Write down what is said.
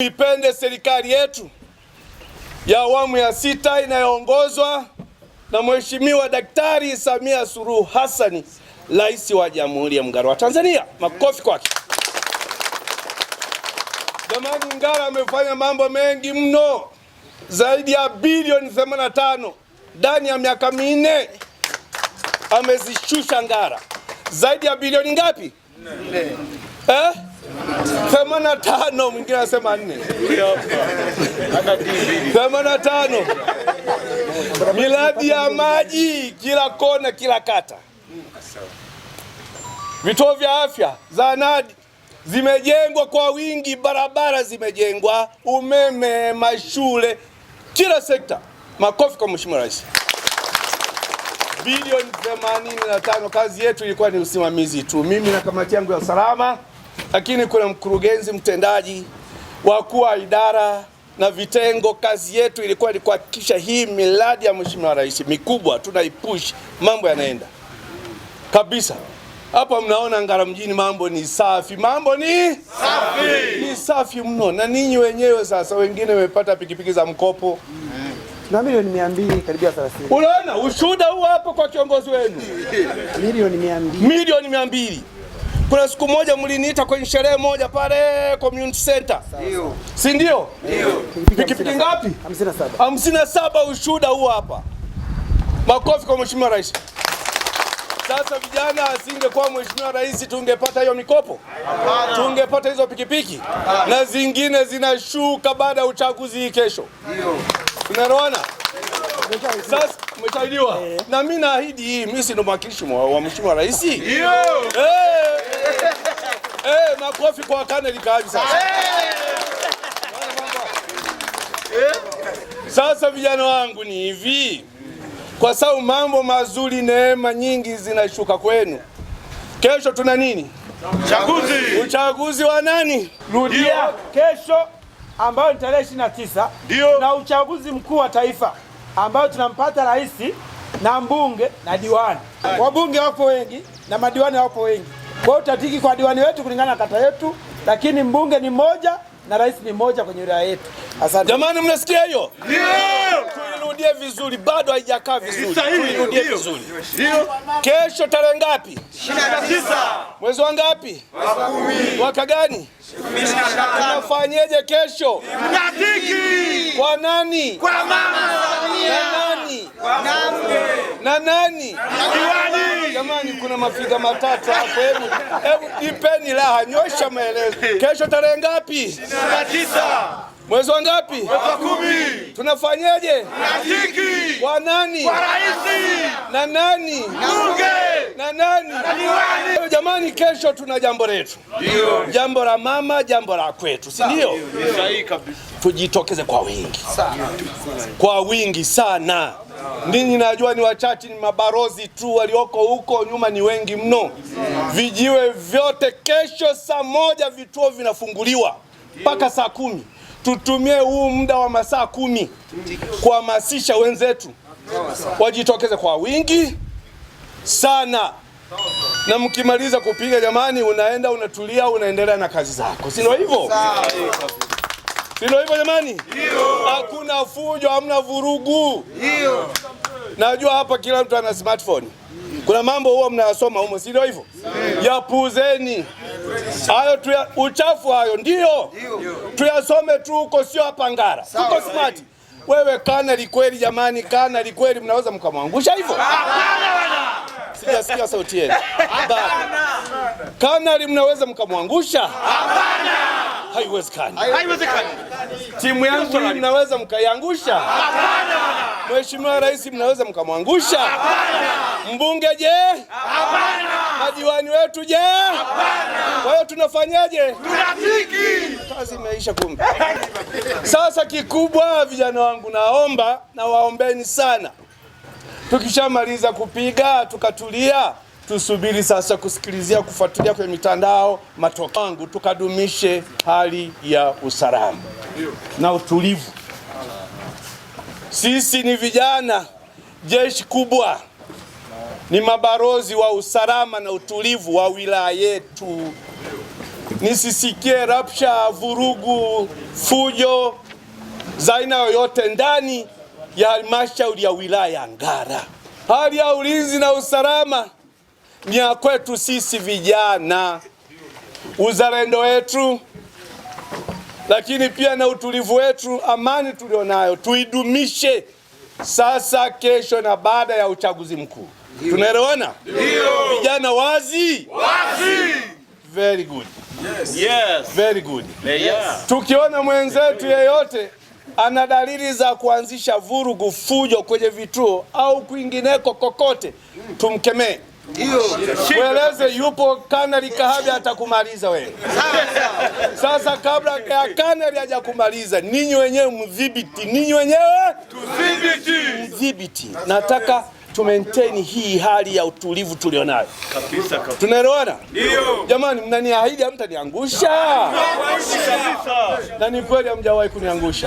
Tuipende serikali yetu ya awamu ya sita inayoongozwa na Mheshimiwa Daktari Samia Suluhu Hassan, Rais wa Jamhuri ya Muungano wa Tanzania. Makofi kwake. Jamani, Ngara amefanya mambo mengi mno, zaidi ya bilioni 85 ndani ya miaka minne amezishusha Ngara zaidi ya bilioni ngapi? Nne. Eh? themanini na tano mwingine anasema nne themanini na tano miradi ya maji kila kona, kila kata, vituo vya afya, zahanati zimejengwa kwa wingi, barabara zimejengwa, umeme, mashule, kila sekta. Makofi kwa mheshimiwa rais. Bilioni 85. Kazi yetu ilikuwa ni usimamizi tu. Mimi na kamati yangu ya usalama lakini kuna mkurugenzi mtendaji, wakuu wa idara na vitengo. Kazi yetu ilikuwa ni kuhakikisha hii miradi ya Mheshimiwa Rais mikubwa tunaipush, mambo yanaenda kabisa. Hapa mnaona Ngara mjini mambo ni safi, mambo ni safi, ni safi mno. Na ninyi wenyewe sasa, wengine wamepata pikipiki za mkopo mm. na milioni mia mbili karibia 30. Unaona ushuhuda huu hapo kwa kiongozi wenu milioni mia mbili. Kuna siku moja mliniita kwenye sherehe moja pale community center, si ndio? Pikipiki ngapi? 57. ushuda huu hapa, makofi kwa mheshimiwa rais. Sasa vijana, asingekuwa mheshimiwa rais, tungepata hiyo mikopo? Hapana. Tungepata hizo pikipiki? Hapana. Na zingine zinashuka baada ya uchaguzi hii kesho, unaelewana? Sasa umeshaidiwa eh. na mimi naahidi hii, mimi si ndo mwakilishi wa mheshimiwa rais. Eh. Eh, makofi kwa Kanali Kahabi sasa. Eh? Sasa vijana wangu ni hivi, kwa sababu mambo mazuri, neema nyingi zinashuka kwenu. Kesho tuna nini? Uchaguzi. Uchaguzi wa nani? Rudia kesho, ambayo ni tarehe 29 ndio, na uchaguzi mkuu wa taifa ambayo tunampata rais na mbunge na diwani. Wabunge wapo wengi na madiwani wapo wengi kwa hiyo tutatiki kwa diwani wetu kulingana na kata yetu, lakini mbunge ni mmoja na rais ni mmoja kwenye wilaya yetu. Asante jamani, mnasikia hiyo? Tuirudie vizuri, bado haijakaa vizuri, tuirudie vizuri. Kesho tarehe ngapi? 29. Mwezi wa ngapi? Mwaka gani? Tunafanyeje kesho? Kwa nani? Kwa mama Samia. Na nani? Na nani? Jamani, kuna mafiga matatu hapo, hebu hebu jipeni raha, nyosha maelezo. Kesho tarehe ngapi? 29. Mwezi wa ngapi? Mwezi wa kumi. Tunafanyaje? Mnatiki. Kwa nani? Kwa rais. Na nani? Bunge. Na nani? Na diwani. Jamani, kesho tuna jambo letu. Ndio. Jambo la mama, jambo la kwetu, si ndio? Sahihi kabisa. Tujitokeze kwa wingi. Sana. Kwa wingi sana. Ninyi najua ni wachache, ni mabarozi tu, walioko huko nyuma ni wengi mno. Vijiwe vyote kesho saa moja vituo vinafunguliwa mpaka saa kumi. Tutumie huu muda wa masaa kumi kuhamasisha wenzetu wajitokeze kwa wingi sana, na mkimaliza kupiga, jamani, unaenda unatulia, unaendelea na kazi zako, si ndio hivyo? Ndio hivyo jamani, hakuna fujo, hamna vurugu. Ndio najua hapa kila mtu ana smartphone. Kuna mambo huwa mnayasoma humo, si ndio hivyo? Yapuzeni hayo, uchafu hayo, ndio tuyasome tu huko, sio hapa Ngara. Tuko smart. Wewe kana likweli, jamani, kana likweli, mnaweza mkamwangusha hivyo? Sijasikia sauti yenu. Kana mnaweza mkamwangusha? Hapana, haiwezekani timu yangu hii mnaweza mkaiangusha? Hapana. Mheshimiwa Rais mnaweza mkamwangusha? Hapana. Mbunge je? Hapana. Madiwani wetu je? Hapana. Kwa hiyo tunafanyaje? Tunafiki. Kazi imeisha kumbe. Sasa kikubwa, vijana wangu, naomba na waombeni sana, tukishamaliza kupiga tukatulia tusubiri sasa kusikilizia kufuatilia kwenye mitandao matokeo, tukadumishe hali ya usalama na utulivu. Sisi ni vijana, jeshi kubwa, ni mabarozi wa usalama na utulivu wa wilaya yetu. Nisisikie rapsha, vurugu, fujo za aina yoyote ndani ya halmashauri ya wilaya ya Ngara. Hali ya ulinzi na usalama ni ya kwetu sisi vijana. Uzalendo wetu lakini pia na utulivu wetu, amani tulionayo tuidumishe sasa, kesho na baada ya uchaguzi mkuu. Tunaelewana? Vijana wazi wazi. Very good. Yes. Yes. Very good. Yes. Tukiona mwenzetu yeyote ana dalili za kuanzisha vurugu, fujo kwenye vituo au kwingineko kokote, tumkemee hiyo weleze yupo kanali Kahabi atakumaliza wewe. Sasa kabla ya kanali hajakumaliza, ninyi wenyewe mdhibiti, ninyi wenyewe tudhibiti, mdhibiti. Nataka tu maintain hii hali ya utulivu tulionayo kabisa kabisa. Tunaelewana? Ndio. Jamani, mnaniahidi hamtaniangusha? Na ni kweli hamjawahi kuniangusha.